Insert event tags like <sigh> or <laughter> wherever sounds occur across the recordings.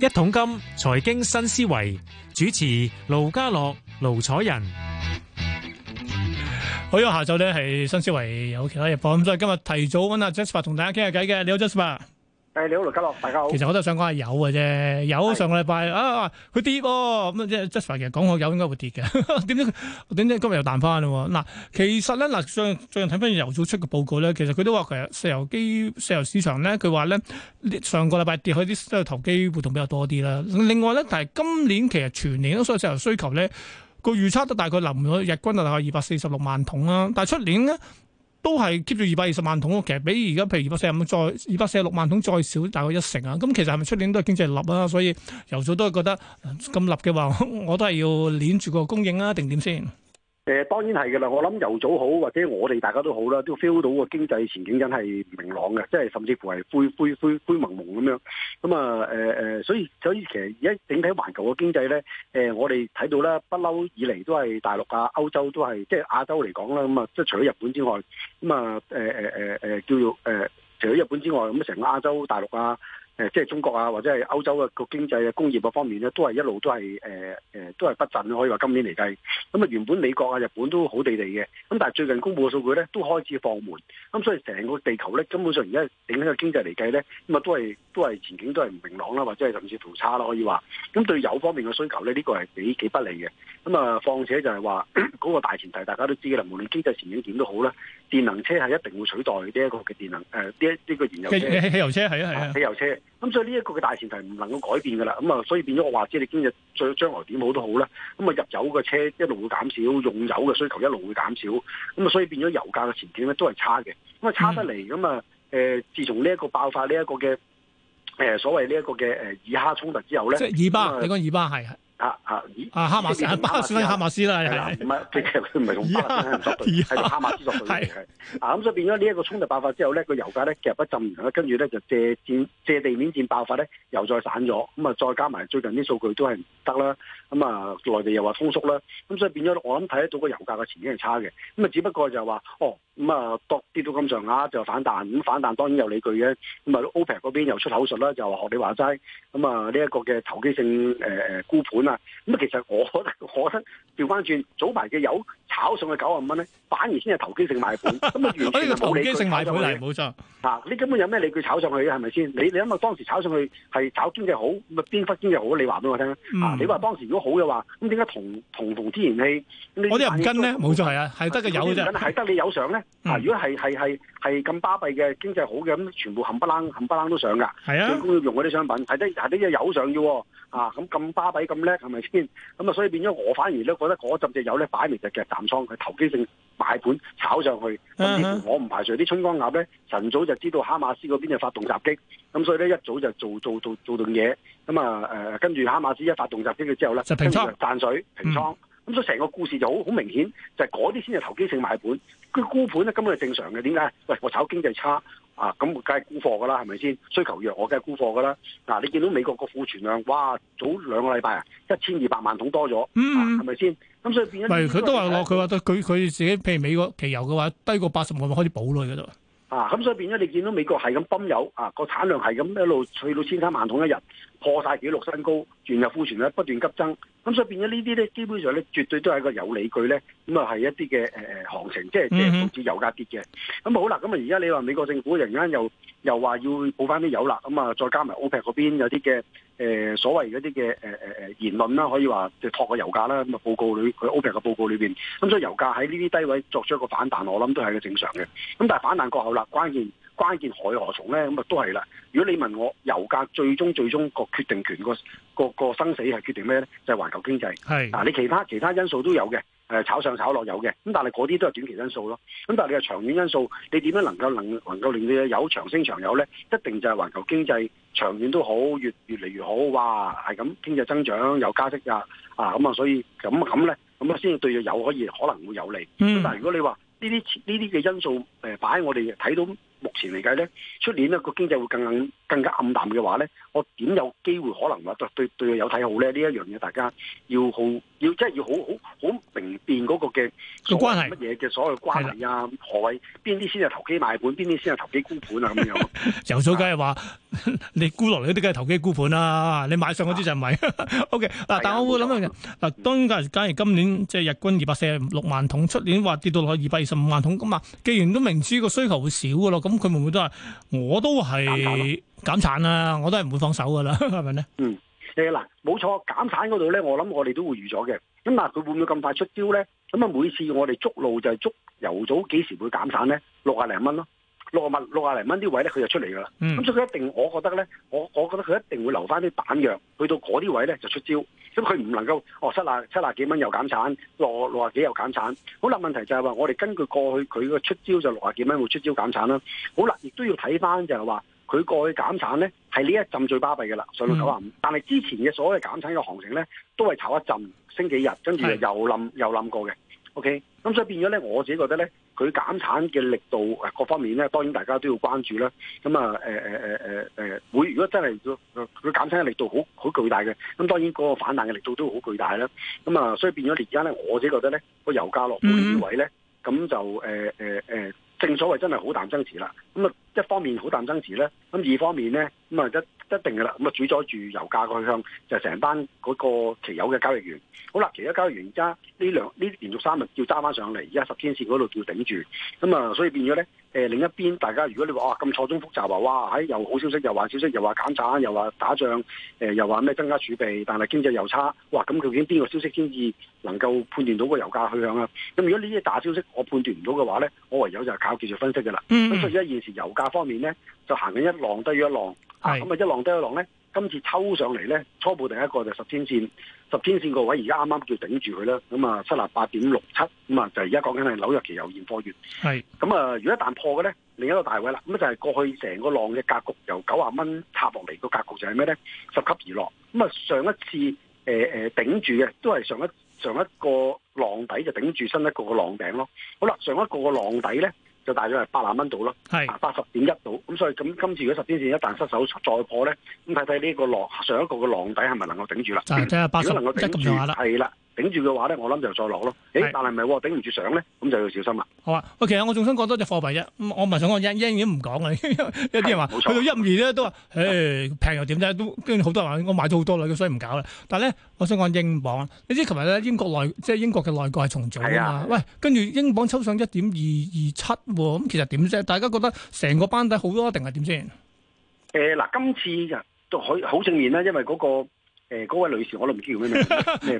一桶金財經新思維主持盧家樂、盧楚仁，好咁，下晝咧係新思維有其他日報，咁所以今日提早揾阿 Jasper 同大家傾下偈嘅，你好 Jasper 你好，大家好。其實我都想講下有嘅啫，有上個禮拜啊，佢跌噃，咁即係 Justin 其實講好，有應該會跌嘅，點知點知今日又彈翻啦？嗱，其實咧嗱，最近睇翻油組出嘅報告咧，其實佢都話其實石油機石油市場咧，佢話咧上個禮拜跌的，去啲即係投機活動比較多啲啦。另外咧，但係今年其實全年所有石油需求咧個預測都大概臨咗日均大概二百四十六萬桶啦，啊。但係出年咧。都係 keep 住二百二十萬桶咯，其實比而家譬如二百四十五再二百四十六萬桶再少大概一成啊，咁其實係咪出年都係經濟係立啦？所以油早都係覺得咁立嘅話，我都係要攣住個供應啊，定點先？誒，當然係噶啦，我諗油早好，或者我哋大家都好啦，都 feel 到個經濟前景真係明朗嘅，即係甚至乎係灰灰灰灰濛濛。個經濟咧，誒，我哋睇到啦，不嬲以嚟都係大陸啊、歐洲都係，即係亞洲嚟講啦，咁啊，即係除咗日本之外，咁、呃、啊，誒誒誒誒，叫做誒、呃，除咗日本之外，咁啊，成個亞洲大陸啊。誒，即係中國啊，或者係歐洲嘅個經濟、工業嗰方面咧，都係一路都係誒、呃、都係不振。可以話今年嚟計，咁啊原本美國啊、日本都好地地嘅，咁但係最近公布嘅數據咧，都開始放緩。咁所以成個地球咧，根本上而家整體嘅經濟嚟計咧，咁啊都係都係前景都係唔明朗啦，或者係甚至乎差啦，可以話。咁對油方面嘅需求咧，呢、呢個係幾幾不利嘅。咁啊，況且就係話嗰個大前提，大家都知嘅啦，無論經濟前景點都好啦，電能車係一定會取代呢一個嘅電能誒，呢一呢個燃油車。汽油車係啊係啊，汽油車。咁、嗯、所以呢一個嘅大前提唔能夠改變噶啦，咁啊，所以變咗我話知你今日再將來點好都好啦，咁啊入油嘅車一路會減少，用油嘅需求一路會減少，咁啊所以變咗油價嘅前景咧都係差嘅，咁啊差得嚟，咁啊誒自從呢一個爆發呢一個嘅誒、呃、所謂呢一個嘅誒以哈衝突之後咧、嗯嗯，即係以巴，你講以巴係。啊啊！啊哈馬斯啦，哈馬斯啦，係啦，唔係，其實佢唔係用巴勒斯坦人作對，係用哈馬斯作對嘅。啊，咁、啊啊啊啊 <laughs> 啊、所以變咗呢一個衝突爆發之後咧，個油價咧夾一浸完咧，跟住咧就借戰借地面戰爆發咧，又再散咗。咁、嗯、啊，再加埋最近啲數據都係唔得啦。咁、嗯、啊，內地又話通縮啦。咁所以變咗，我諗睇得到個油價嘅前景係差嘅。咁啊，只不過就係話，哦。咁、嗯、啊，跌到咁上下就反彈，咁反彈當然有理據嘅。咁啊，OPEC 嗰邊又出口術啦，就學你話齋。咁、嗯、啊，呢、這、一個嘅投機性誒沽、呃、盤啊，咁、嗯、啊，其實我覺得，我覺得調翻轉，早排嘅油炒上去九啊五蚊咧，反而先係投機性買盤，咁 <laughs> 啊，完全係冇投機性買盤嚟，冇錯、啊。嗱，你根本有咩理據炒上去嘅係咪先？你你諗下當時炒上去係炒經濟好，咁啊邊忽經濟好？你話俾我聽、嗯、啊！你話當時如果好嘅話，咁點解同同同天然氣？我啲又唔跟咧，冇錯，係啊，係得嘅油啫，係、啊、得你油上咧。 <laughs> 嗯、啊！如果係係係係咁巴閉嘅經濟好嘅，咁全部冚不楞冚不楞都上噶。係啊，最高用嗰啲商品係啲係啲嘢有上嘅。啊，咁咁巴閉咁叻係咪先？咁啊，所以變咗我反而都覺得嗰陣隻油咧擺明就係減倉，佢投機性買盤炒上去。嗯，嗯哼。甚至乎我唔排除啲春江鴨咧，晨早就知道哈馬斯嗰邊就發動襲擊，咁所以咧一早就做做做做定嘢。咁啊誒，跟、呃、住哈馬斯一發動襲擊之後咧，就平倉，淡水平倉。咁所以成個故事就好好明顯，就係嗰啲先係投機性買盤，佢沽盤咧根本係正常嘅。點解？喂，我炒經濟差啊，咁我梗係沽貨噶啦，係咪先？需求弱，我梗係沽貨噶啦。嗱、啊，你見到美國個庫存量，哇，早兩個禮拜、嗯嗯、啊，一千二百萬桶多咗，係咪先？咁所以變咗、這個，咪佢都話我，佢話佢佢自己，譬如美國汽油嘅話，低過八十萬，咪開始補咯喺度。啊，咁所以變咗，你見到美國係咁泵油啊，個產量係咁一路去到千三萬桶一日，破晒紀錄新高，原油庫存咧不斷急增。咁所以變咗呢啲咧，基本上咧絕對都係一個有理據咧，咁啊係一啲嘅、呃、行情，即係即係導致油價跌嘅。咁好啦，咁啊而家你話美國政府突然間又又話要補翻啲油啦，咁啊再加埋 OPEC 嗰邊有啲嘅、呃、所謂嗰啲嘅言論啦，可以話就托個油價啦。咁啊報告佢 OPEC 嘅報告裏面。咁所以油價喺呢啲低位作出一個反彈，我諗都係一個正常嘅。咁但係反彈過後啦，關鍵。關鍵何去何從呢，咧？咁啊都係啦。如果你問我油價最終最終個決定權個個,個生死係決定咩咧？就係、是、環球經濟。啊、你其他其他因素都有嘅，炒上炒落有嘅。咁但係嗰啲都係短期因素咯。咁但係你嘅長遠因素，你點樣能夠能能夠令你有長升長有咧？一定就係環球經濟長遠都好，越越嚟越好。哇，係咁經濟增長有加息啊！啊咁啊，所以咁咁咧，咁啊先至對有可以可能會有利。咁、嗯、但如果你話呢啲呢啲嘅因素擺喺、呃、我哋睇到。目前嚟計咧，出年呢個經濟會更更加暗淡嘅話咧，我點有機會可能話對對佢有睇好咧？呢一樣嘢大家要好要即係要好好好明辨嗰個嘅關係乜嘢嘅所謂關係啊？何謂邊啲先係投機買盤，邊啲先係投機沽盤啊？咁樣游所梗係話你沽落嚟嗰啲梗係投機沽盤啊，你買上嗰啲就唔係。O K 嗱，但係我會諗啊，嗱當然假如今年即係日均二百四十六萬桶，出年話跌到落去二百二十五萬桶咁啊，既然都明知個需求會少嘅咯。咁佢會唔會都話我都係減產啦，啊？我都係唔會放手噶啦，係咪咧？嗯，誒嗱，冇錯，減產嗰度咧，我諗我哋都會預咗嘅。咁但係佢會唔會咁快出招咧？咁啊，每次我哋捉路就係捉油，早幾時會減產咧，六啊零蚊咯。六啊六廿零蚊啲位咧，佢就出嚟噶啦。咁、嗯、所以佢一定，我覺得咧，我我覺得佢一定會留翻啲彈藥，去到嗰啲位咧就出招。咁佢唔能夠哦七廿七廿幾蚊又減產，六六廿幾又減產。好啦，問題就係話我哋根據過去佢個出招就六廿幾蚊會出招減產啦。好啦，亦都要睇翻就係話佢過去減產咧，係呢一陣最巴閉噶啦，上到九啊五。但係之前嘅所謂減產嘅行情咧，都係炒一陣升幾日，跟住又冧又冧過嘅。O K. 咁所以變咗咧，我自己覺得咧。佢減產嘅力度誒各方面咧，當然大家都要關注啦。咁啊誒誒誒誒誒，會、欸欸欸、如果真係佢佢減產嘅力度好好巨大嘅，咁當然嗰個反彈嘅力度都好巨大啦。咁、嗯、啊，所以變咗而家咧，我自己覺得咧，個油價落到呢位咧，咁就誒誒誒，正所謂真係好淡爭持啦。咁、嗯、啊。 <music> <music> 一方面好淡增市咧，咁二方面咧咁啊一一定噶啦，咁、嗯、啊、嗯嗯嗯嗯、主宰住油價、就係、個向就成班嗰個期油嘅交易員。好啦，期油交易員而家呢兩呢連續三日要揸翻上嚟，而家十天線嗰度要頂住，咁啊所以變咗咧誒另一邊，大家如果你話哇咁錯綜複雜，話哇喺又好消息又壞消息又話減產又話打仗誒又話咩增加儲備，但係經濟又差哇，咁究竟邊個消息先至能夠判斷到個油價去向啊？咁如果呢啲大消息我判斷唔到嘅話咧，我唯有就係靠技術分析噶啦。咁、mm. 所以而家現時油價。方面咧，就行緊一浪低於一浪，咁啊一浪低一浪咧，今次抽上嚟咧，初步第一個就十天線，十天線個位而家啱啱叫頂住佢啦，咁啊七十八點六七，咁啊就而家講緊係紐約期油現貨月，咁啊，如果一旦破嘅咧，另一個大位啦，咁就係過去成個浪嘅格局，由九十蚊插落嚟個格局就係咩咧？十級而落，咁啊上一次誒、呃、頂住嘅，都係上一上一個浪底就頂住新一個個浪頂咯。好啦，上一個個浪底咧。就大約係八零蚊度啦，係啊，八十點一度，咁所以咁今次如果十天線一旦失守再破咧，咁睇睇呢個浪上一個嘅浪底係咪能夠頂住啦？睇下八十，即係咁上下啦，係啦。頂住嘅話咧，我諗就再落咯。誒，但係咪、哦、頂唔住上咧？咁就要小心啦。好啊，Yen, Yen 1, 5, 2, 啊啊喂、哦，其實我仲想講多隻貨幣啫。我唔係想講英英已經唔講啦。有啲人話去到一五年咧都話，誒平又點啫？都跟住好多人話，我買咗好多類，所以唔搞啦。但係咧，我想講英鎊。你知琴日咧，英國內即係英國嘅內閣係重組啊嘛。喂，跟住英鎊抽上一點二二七喎。咁其實點啫？大家覺得成個班底好多定係點先？誒、呃、嗱，今次就可好正面啦，因為嗰、那個。誒、呃，嗰位女士我都唔知叫咩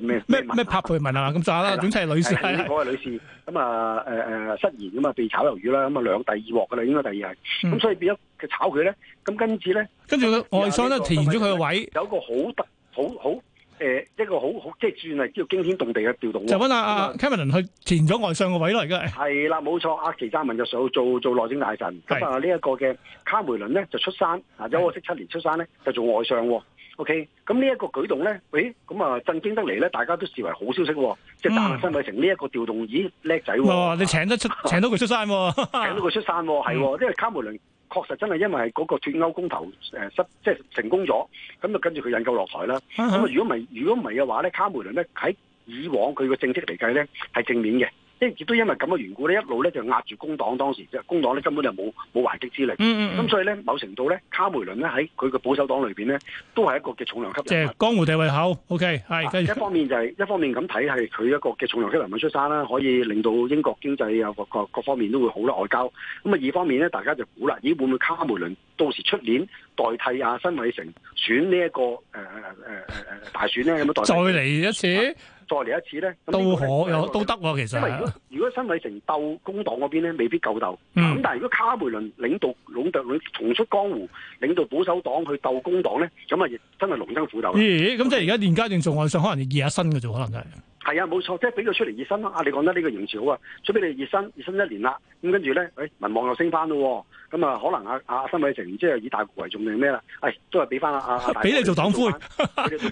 名咩咩咩帕佩文啊，咁咋啦。本戚係女士，嗰位女士咁啊，誒誒、呃呃、失言咁啊，被炒魷魚啦。咁啊，兩第二鑊噶啦，應該第二係。咁、嗯、所以變咗佢炒佢咧。咁跟住咧，跟住外相咧、這個、填咗佢、就是、個，、呃個的啊的啊、的位的的的有個的的，有一個好特好好誒，一個好好即係算係叫驚天動地嘅調動。就揾阿卡梅倫去填咗外相個位嚟噶。係啦，冇錯。阿奇嘉文就做做內政大臣。咁啊，呢一個嘅卡梅倫咧就出山啊，有個識七年出山咧就做外相、啊。O K，咁呢一個舉動咧，喂咁啊震驚得嚟咧，大家都視為好消息喎、哦嗯，即係打下新馬成呢一個調動，咦，叻仔喎，你請得出， <laughs> 請到佢出山、哦， <laughs> 請到佢出山、哦，係、哦嗯，因為卡梅倫確實真係因為嗰個脫歐公投失、呃，即係成功咗，咁就跟住佢引咎落台啦。咁 <laughs> 啊，如果唔係，如果唔係嘅話咧，卡梅倫咧喺以往佢嘅政績嚟計咧係正面嘅。即亦都因為咁嘅緣故咧，一路咧就壓住工黨當時，即係工黨咧根本就冇冇還擊之力。咁、嗯嗯嗯、所以咧，某程度咧，卡梅倫咧喺佢嘅保守黨裏邊咧，都係一個嘅重量級。即、就、係、是、江湖地位好。OK，係。一方面就係、是、一方面咁睇，係佢一個嘅重量級人物出山啦，可以令到英國經濟啊各各各方面都會好啦，外交。咁啊，二方面咧，大家就估啦，咦會唔會卡梅倫到時出年代替阿辛偉誠選，這個呃呃、選呢一個誒誒誒誒大選咧？有冇代替？再嚟一次？啊。再嚟一次咧，都可又都得喎，其實。因為如果如果辛偉誠鬥工黨嗰邊咧，未必夠鬥。咁、嗯、但係如果卡梅倫領導老隊伍重出江湖，領導保守黨去鬥工黨咧，咁啊真係龍爭虎鬥。咦、欸？咁即係而家連家政做外相可能要熱下身嘅啫，可能係。係啊，冇錯，即係俾佢出嚟熱身咯。啊，你講得呢個形勢好啊，除俾你熱身，熱身一年啦。咁跟住咧，誒、哎、民望又升翻咯。咁、嗯、啊，可能啊阿辛偉誠即係以大局為重定咩啦？誒、哎，都係俾翻啊啊！俾你做黨魁，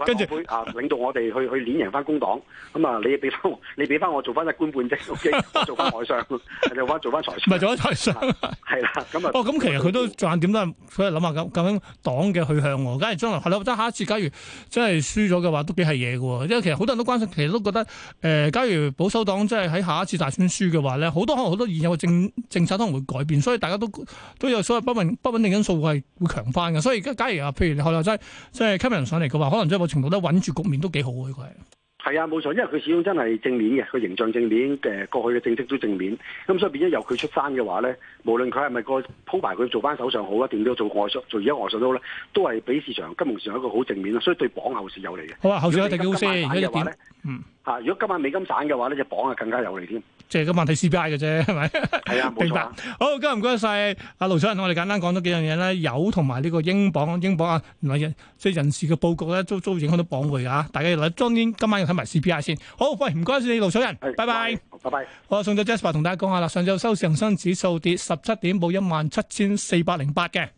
跟住 <laughs> 啊，領導我哋去去碾贏翻工黨。咁、嗯、啊，你俾翻你俾翻我做翻一官半職，OK， <laughs> 做翻外相， <laughs> 做翻做翻財相。唔係做翻財相，係啦、啊。咁、嗯、啊，哦，咁、嗯嗯、其實佢都着眼點都係佢諗下究竟樣,樣黨嘅去向喎。假如將來係啦，即係下一次，假如真係輸咗嘅話，都幾係嘢嘅喎。因為其實好多人都關心，其實都覺得。得假如保守黨即係喺下一次大選輸嘅話咧，好多可能好多現有嘅政政策可能會改變，所以大家都都有所謂不穩不穩定因素係會強翻嘅。所以而家假如啊，譬如卡梅倫即係吸引上嚟嘅話，可能即係某程度都穩住局面都幾好佢呢係係啊，冇錯，因為佢始終真係正面嘅，佢形象正面嘅，過去嘅政績都正面，咁所以變咗由佢出山嘅話咧，無論佢係咪個鋪排佢做翻首相好啊，定都做外相，做而家外相都好咧，都係俾市場金融市場一個好正面所以對鎊後市有利嘅。好啊，後市一定家今晚啊！如果今晚美金散嘅話呢隻鎊啊更加有利添。即係今晚睇 CPI 嘅啫，係咪？係啊， <laughs> 啊，好，今日唔該晒。阿盧楚仁，我哋簡單講多幾樣嘢啦。有同埋呢個英鎊，英鎊啊，即係人，人事嘅報告咧，都都影響到鎊匯啊！大家要嗱，今天今晚要睇埋 CPI 先。好，喂，唔該晒。你，盧楚仁。拜拜。拜拜。我送咗 Jasper 同大家講下啦。上晝收市恒生指數跌十七點，報一萬七千四百零八嘅。